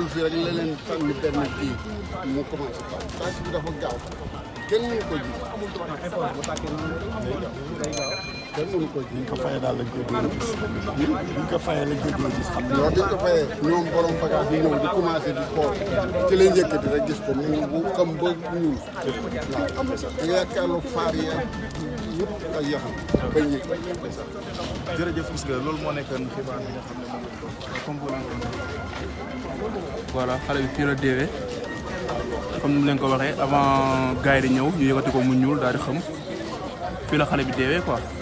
xool fii rek la leen sànni benn kii mu commencé taw taw bi dafa gaaw kenn mënu ko ji. kenn mënu ko ji. bu ñu ko fayee daal lañ koy doon gis. bu ñu ko fayee lañ koy doon gis xam nga. loolu dañ ko fayee ñoom borom bagage bi ñëw di commencé di xool ci lañ yëkkati rek gis ko mu bu xam ba ñuul. waaw da nga yaakaarloo faar yi yëpp ay yaxam bañ ñu ko. jërëjëf gis nga loolu moo nekkoon xibaar bi nga xam ne moom voilà xalé bi fii la deewee comme nous leen ko waxee avant gaay yi di ñëw ñu yëkkati ko mu ñuul daal di xam fi la xalé bi déwé quoi.